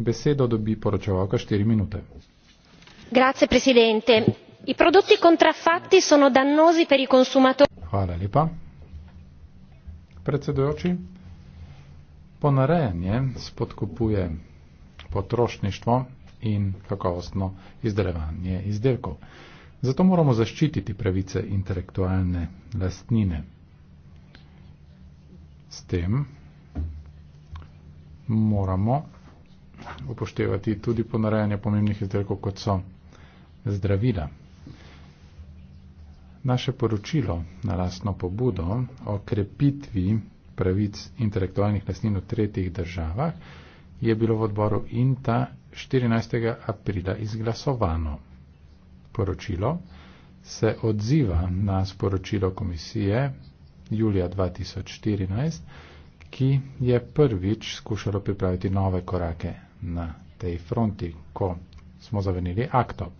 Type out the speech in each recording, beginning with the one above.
besedo dobi poročevalka štiri minute. grazie presidente i prodotti contraffatti sono dannosi per i consumatori. hvala lepa predsedujoči ponarejanje spodkupuje potrošništvo in kakovostno izdelovanje izdelkov. Zato moramo zaščititi pravice intelektualne lastnine. S tem moramo upoštevati tudi ponarajanje pomembnih izdelkov, kot so zdravila. Naše poročilo na lastno pobudo o krepitvi pravic intelektualnih lasnin v tretjih državah je bilo v odboru INTA 14. aprila izglasovano. Poročilo se odziva na sporočilo komisije julija 2014, ki je prvič skušalo pripraviti nove korake na tej fronti, ko smo zavrnili akto.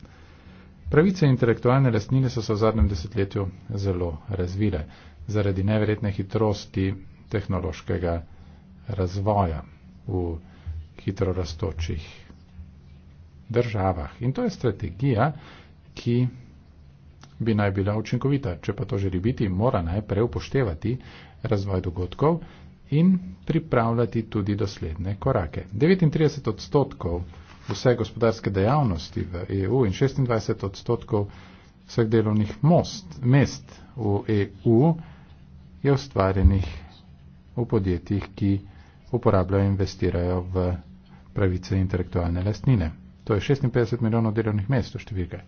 Pravice intelektualne lastnine so se v zadnjem desetletju zelo razvile zaradi neverjetne hitrosti tehnološkega razvoja v hitro rastočih državah. In to je strategija, ki bi naj bila učinkovita. Če pa to želi biti, mora najprej upoštevati razvoj dogodkov in pripravljati tudi dosledne korake. 39 odstotkov vse gospodarske dejavnosti v EU in 26 odstotkov vseh delovnih most, mest v EU je ustvarjenih v podjetjih, ki uporabljajo in investirajo v pravice intelektualne lastnine. To je 56 milijonov delovnih mest v številke.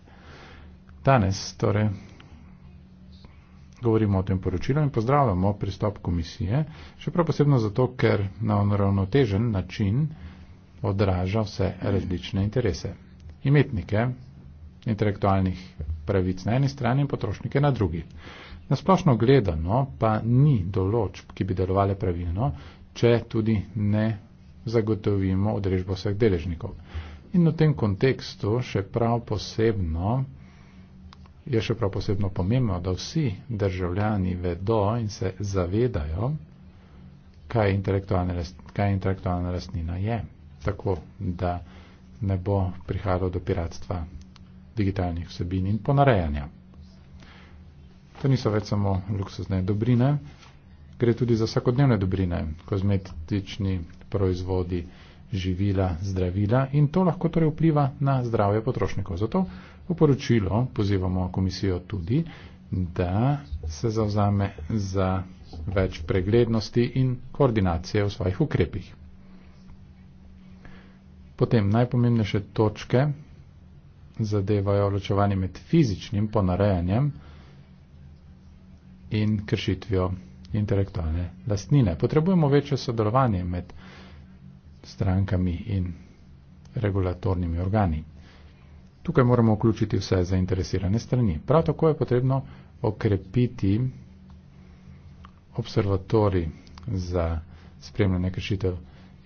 Danes, torej govorimo o tem poročilu in pozdravljamo pristop komisije, še prav posebno zato, ker na onoravnotežen način odraža vse različne interese. Imetnike intelektualnih pravic na eni strani in potrošnike na drugi. Nasplošno gledano pa ni določb, ki bi delovale pravilno, če tudi ne zagotovimo odrežbo vseh deležnikov. In v tem kontekstu še prav posebno je še prav posebno pomembno, da vsi državljani vedo in se zavedajo, kaj intelektualna, last, kaj intelektualna lastnina je. Tako, da ne bo prihajalo do piratstva digitalnih vsebin in ponarejanja. To niso več samo luksuzne dobrine, gre tudi za vsakodnevne dobrine, kozmetični proizvodi, živila, zdravila in to lahko torej vpliva na zdravje potrošnikov. Zato v poročilo pozivamo komisijo tudi, da se zavzame za več preglednosti in koordinacije v svojih ukrepih. Potem najpomembnejše točke zadevajo ločevanje med fizičnim ponarejanjem in kršitvijo intelektualne lastnine. Potrebujemo večje sodelovanje med strankami in regulatornimi organi. Tukaj moramo vključiti vse zainteresirane strani. Prav tako je potrebno okrepiti observatori za spremljanje kršitev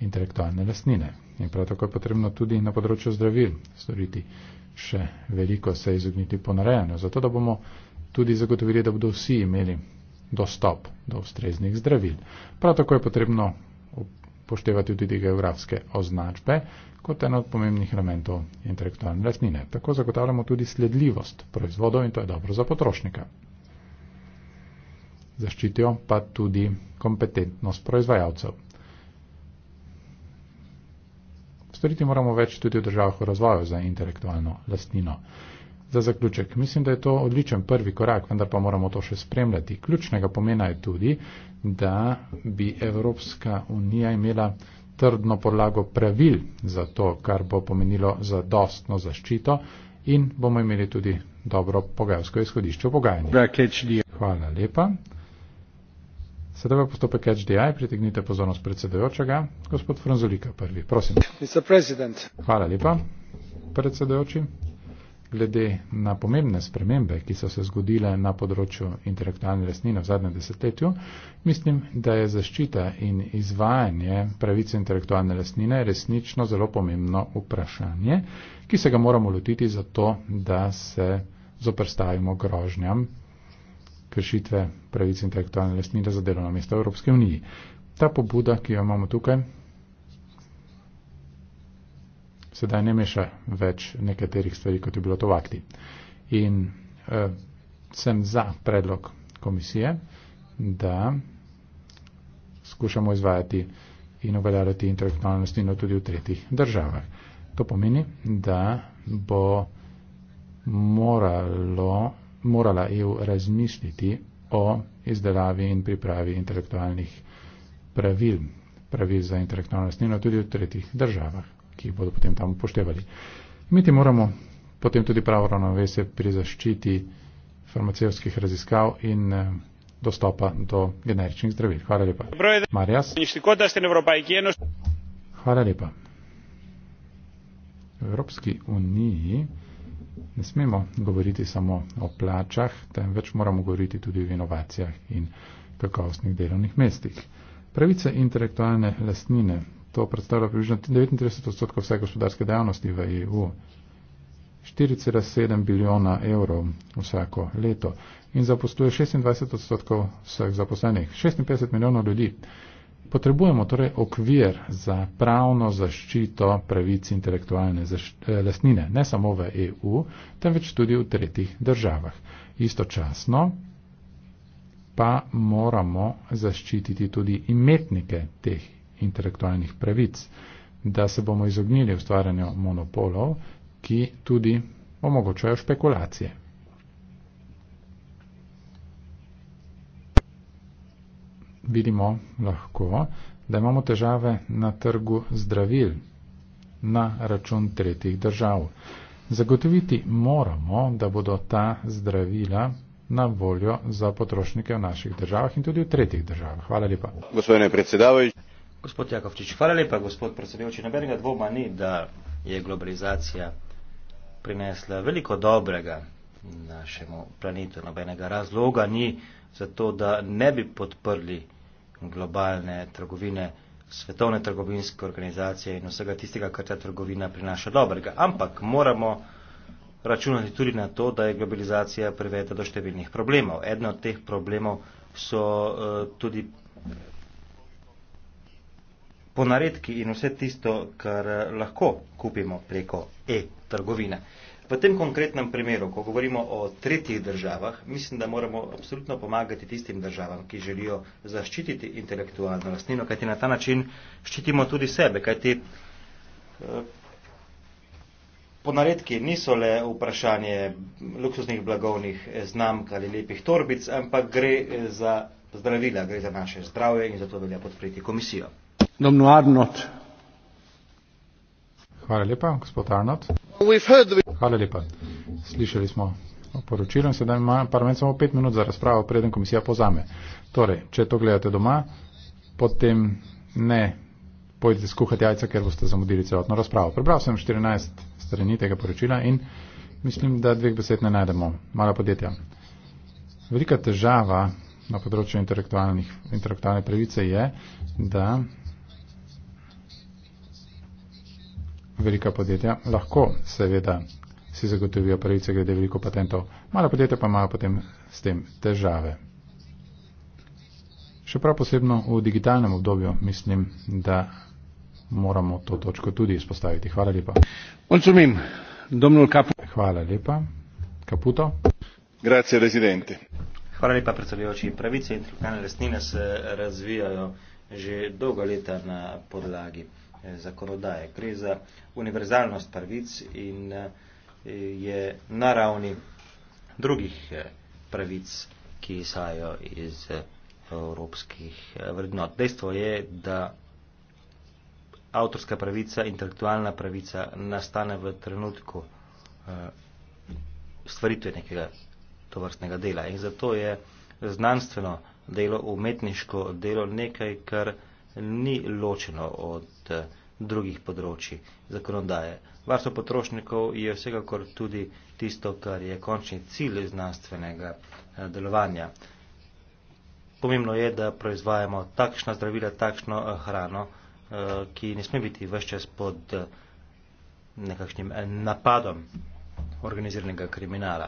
intelektualne lastnine. In prav tako je potrebno tudi na področju zdravil storiti še veliko, se izogniti ponarejanju, zato da bomo tudi zagotovili, da bodo vsi imeli dostop do ustreznih zdravil. Prav tako je potrebno poštevati tudi geografske označbe kot eno od pomembnih elementov intelektualne lastnine. Tako zagotavljamo tudi sledljivost proizvodov in to je dobro za potrošnika. Zaščitijo pa tudi kompetentnost proizvajalcev. Storiti moramo več tudi v državah v razvoju za intelektualno lastnino. Za zaključek, mislim, da je to odličen prvi korak, vendar pa moramo to še spremljati. Ključnega pomena je tudi, da bi Evropska unija imela trdno podlago pravil za to, kar bo pomenilo zadostno zaščito in bomo imeli tudi dobro pogajalsko izhodišče v pogajanju. Hvala lepa. Sedaj v postopek HDI pritegnite pozornost predsedojočega. Gospod Franzolika prvi, prosim. Hvala lepa, predsedojoči glede na pomembne spremembe, ki so se zgodile na področju intelektualne lastnine v zadnjem desetletju, mislim, da je zaščita in izvajanje pravice intelektualne lastnine resnično zelo pomembno vprašanje, ki se ga moramo lotiti zato, da se zoprstavimo grožnjam kršitve pravice intelektualne lastnine za delovno mesto v Evropske uniji. Ta pobuda, ki jo imamo tukaj, sedaj ne meša več nekaterih stvari, kot je bilo to v akti. In uh, sem za predlog komisije, da skušamo izvajati in uveljavljati intelektualno lastnino tudi v tretjih državah. To pomeni, da bo moralo, morala EU razmisliti o izdelavi in pripravi intelektualnih pravil, pravil za intelektualno lastnino tudi v tretjih državah ki jih bodo potem tam upoštevali. Imeti moramo potem tudi pravo ravnovesje pri zaščiti farmacevskih raziskav in eh, dostopa do generičnih zdravil. Hvala lepa. Marjas. Hvala lepa. V Evropski uniji ne smemo govoriti samo o plačah, temveč moramo govoriti tudi o inovacijah in kakovostnih delovnih mestih. Pravice intelektualne lastnine to predstavlja približno 39 odstotkov vse gospodarske dejavnosti v EU. 4,7 bilijona evrov vsako leto in zaposluje 26 odstotkov vseh zaposlenih. 56 milijonov ljudi. Potrebujemo torej okvir za pravno zaščito pravic intelektualne eh, lastnine, ne samo v EU, temveč tudi v tretjih državah. Istočasno pa moramo zaščititi tudi imetnike teh intelektualnih pravic, da se bomo izognili ustvarjanju monopolov, ki tudi omogočajo špekulacije. Vidimo lahko, da imamo težave na trgu zdravil na račun tretjih držav. Zagotoviti moramo, da bodo ta zdravila na voljo za potrošnike v naših državah in tudi v tretjih državah. Hvala lepa. Gospod Jakovčič, hvala lepa, gospod predsedujoči. Nobenega dvoma ni, da je globalizacija prinesla veliko dobrega našemu planetu. Nobenega razloga ni za to, da ne bi podprli globalne trgovine, svetovne trgovinske organizacije in vsega tistega, kar ta trgovina prinaša dobrega. Ampak moramo računati tudi na to, da je globalizacija privedla do številnih problemov. Eden od teh problemov so uh, tudi ponaredki in vse tisto, kar lahko kupimo preko e-trgovine. V tem konkretnem primeru, ko govorimo o tretjih državah, mislim, da moramo absolutno pomagati tistim državam, ki želijo zaščititi intelektualno lastnino, kajti na ta način ščitimo tudi sebe, kajti eh, ponaredki niso le vprašanje luksuznih blagovnih znamk ali lepih torbic, ampak gre eh, za zdravila, gre za naše zdravje in zato velja podpreti komisijo domnul Arnot. Hvala lepa, gospod Arnot. Hvala lepa. Slišali smo poročilo in sedaj ima parlament samo pet minut za razpravo, preden komisija pozame. Torej, če to gledate doma, potem ne pojdite skuhati jajca, ker boste zamudili celotno razpravo. Prebral sem 14 strani tega poročila in mislim, da dveh besed ne najdemo. Mala podjetja. Velika težava na področju intelektualne pravice je, da velika podjetja lahko seveda si zagotovijo pravice glede veliko patentov, mala podjetja pa imajo potem s tem težave. Še prav posebno v digitalnem obdobju mislim, da moramo to točko tudi izpostaviti. Hvala lepa. Hvala lepa. Kaputo. Grazie, rezidenti. Hvala lepa, predsedujoči. Pravice in trukane lastnine se razvijajo že dolgo leta na podlagi. Eh, zakonodaje. Gre za univerzalnost pravic in eh, je na ravni drugih eh, pravic, ki izhajajo iz evropskih vrednot. Dejstvo je, da avtorska pravica, intelektualna pravica nastane v trenutku stvaritve nekega tovrstnega dela. In zato je znanstveno delo, umetniško delo nekaj, kar ni ločeno od eh, drugih področji zakonodaje. Varstvo potrošnikov je vsekakor tudi tisto, kar je končni cilj znanstvenega eh, delovanja. Pomembno je, da proizvajamo takšna zdravila, takšno eh, hrano, ki ne sme biti vse pod nekakšnim napadom organiziranega kriminala,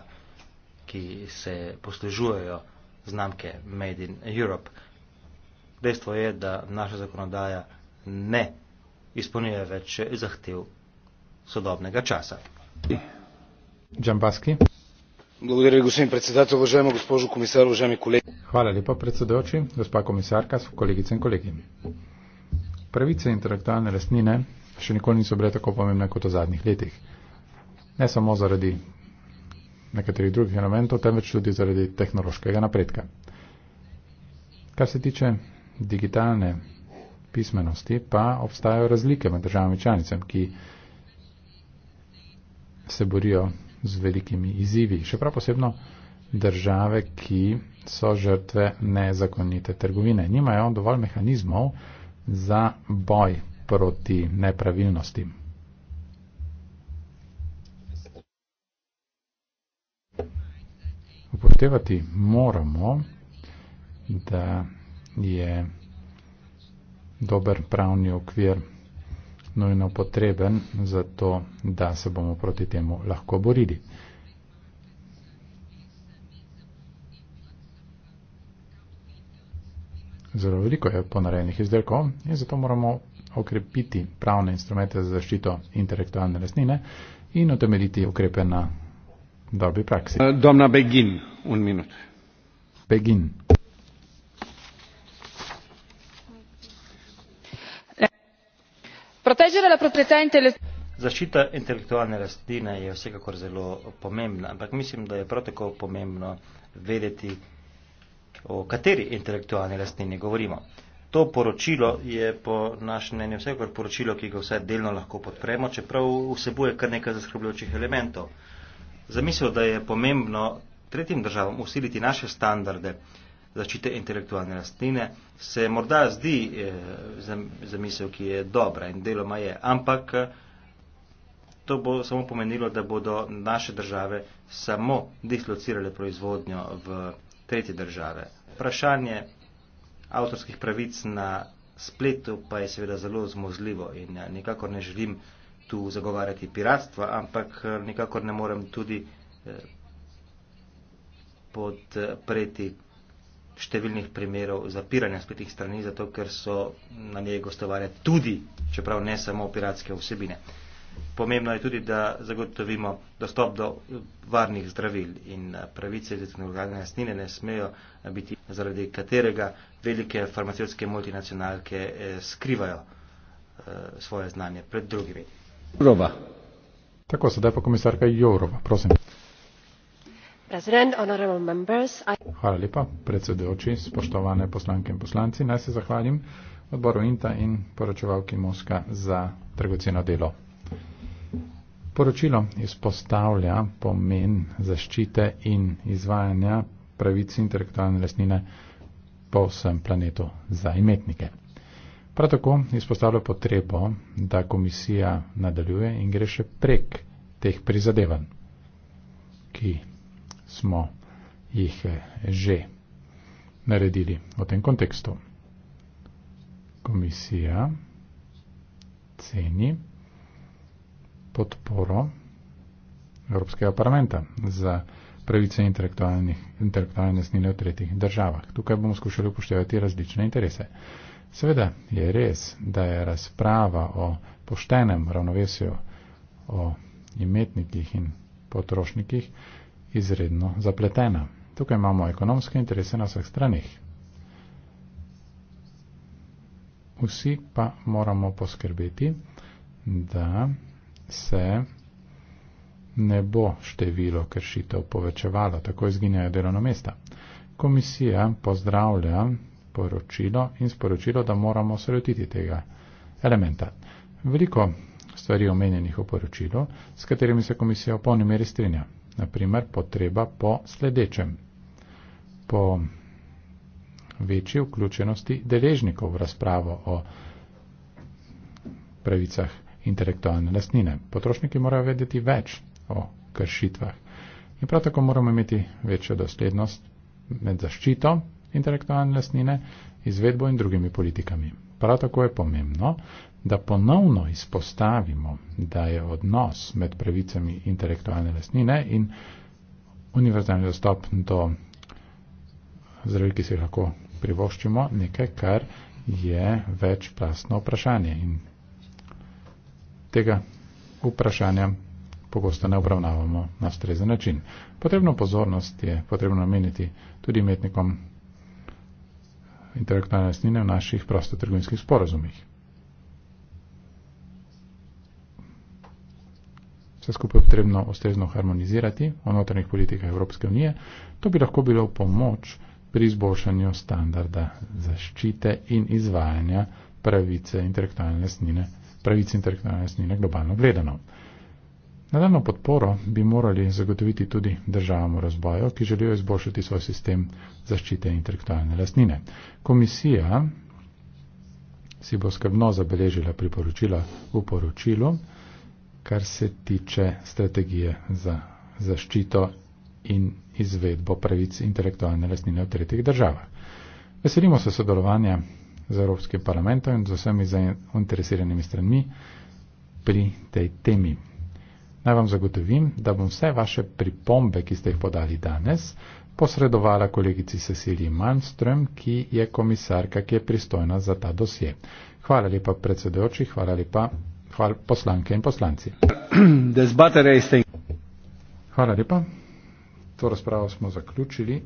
ki se poslužujejo znamke Made in Europe dejstvo je, da naša zakonodaja ne izpolnjuje več zahtev sodobnega časa. Džambaski. Благодаря ви, господин председател, уважаема госпожо комисар, уважаеми колеги. Хваля ли по председател, госпожа комисарка, с колеги и колеги. Правица интелектуална лестнина ще никога не са били тако помемна, като задних летих. Не само заради някакъв други елементи, а вече заради технологическа напредка. Как се тиче digitalne pismenosti, pa obstajajo razlike med državami članicami, ki se borijo z velikimi izzivi. Še prav posebno države, ki so žrtve nezakonite trgovine. Nimajo dovolj mehanizmov za boj proti nepravilnosti. Upoštevati moramo, da je dober pravni okvir nujno potreben za to, da se bomo proti temu lahko borili. Zelo veliko je ponarejenih izdelkov in zato moramo okrepiti pravne instrumente za zaščito intelektualne lastnine in utemeljiti ukrepe na dobi praksi. Domna Begin, un minut. Begin. proteggere la proprietà intellettuale. Zaščita intelektualne rastline je vsekakor zelo pomembna, ampak mislim, da je prav tako pomembno vedeti, o kateri intelektualni rastlini govorimo. To poročilo je po našem mnenju vsekakor poročilo, ki ga vse delno lahko podpremo, čeprav vsebuje kar nekaj zaskrbljujočih elementov. Zamislil, da je pomembno tretjim državam usiliti naše standarde, zaščite intelektualne lastnine, se morda zdi eh, zamisel, ki je dobra in deloma je, ampak eh, to bo samo pomenilo, da bodo naše države samo dislocirale proizvodnjo v tretje države. Vprašanje avtorskih pravic na spletu pa je seveda zelo zmozljivo in eh, nikakor ne želim tu zagovarjati piratstva, ampak eh, nikakor ne morem tudi eh, podpreti. Eh, številnih primerov zapiranja spletnih strani, zato ker so na njej gostovare tudi, čeprav ne samo piratske vsebine. Pomembno je tudi, da zagotovimo dostop do varnih zdravil in eh, pravice iz tehnologalne jasnine ne smejo eh, biti zaradi katerega velike farmacijske multinacionalke eh, skrivajo svoje znanje pred drugimi. Jourova. Tako, sedaj pa komisarka Jourova, prosim. Hvala lepa, predsedujoči, spoštovane poslanke in poslanci. Naj se zahvalim odboru INTA in poročevalki Moska za dragoceno delo. Poročilo izpostavlja pomen zaščite in izvajanja pravic intelektualne lastnine po vsem planetu za imetnike. Prav tako izpostavlja potrebo, da komisija nadaljuje in gre še prek teh prizadevanj, ki smo jih eh, že naredili v tem kontekstu. Komisija ceni podporo Evropskega parlamenta za pravice intelektualne snine v tretjih državah. Tukaj bomo skušali upoštevati različne interese. Seveda je res, da je razprava o poštenem ravnovesju o imetnikih in potrošnikih izredno zapletena. Tukaj imamo ekonomske interese na vseh stranih. Vsi pa moramo poskrbeti, da se ne bo število kršitev povečevalo, tako izginjajo delovno mesta. Komisija pozdravlja poročilo in sporočilo, da moramo se lotiti tega elementa. Veliko stvari omenjenih v poročilu, s katerimi se komisija v polni meri strinja. Naprimer, potreba po sledečem, po večji vključenosti deležnikov v razpravo o pravicah intelektualne lastnine. Potrošniki morajo vedeti več o kršitvah. In prav tako moramo imeti večjo doslednost med zaščito intelektualne lastnine, izvedbo in drugimi politikami. Prav tako je pomembno, da ponovno izpostavimo, da je odnos med pravicami intelektualne lastnine in univerzalni dostop do zdravil, ki se jih lahko privoščimo, nekaj, kar je večplastno vprašanje. In tega vprašanja pogosto ne obravnavamo na strezen način. Potrebno pozornost je potrebno nameniti tudi imetnikom intelektualne lastnine v naših prostotrgovinskih sporazumih. vse skupaj potrebno ustrezno harmonizirati o notranjih politikah Evropske unije, to bi lahko bilo pomoč pri izboljšanju standarda zaščite in izvajanja pravice intelektualne lasnine, pravice intelektualne lasnine globalno gledano. Nadaljno podporo bi morali zagotoviti tudi državam v razboju, ki želijo izboljšati svoj sistem zaščite intelektualne lasnine. Komisija si bo skrbno zabeležila priporočila v poročilu kar se tiče strategije za zaščito in izvedbo pravic intelektualne lastnine v tretjih državah. Veselimo se sodelovanja z Evropskim parlamentom in z vsemi zainteresiranimi stranmi pri tej temi. Naj vam zagotovim, da bom vse vaše pripombe, ki ste jih podali danes, posredovala kolegici Cecilii Malmström, ki je komisarka, ki je pristojna za ta dosje. Hvala lepa predsedojoči, hvala lepa Hvala poslanke in poslanci. Hvala lepa. To razpravo smo zaključili.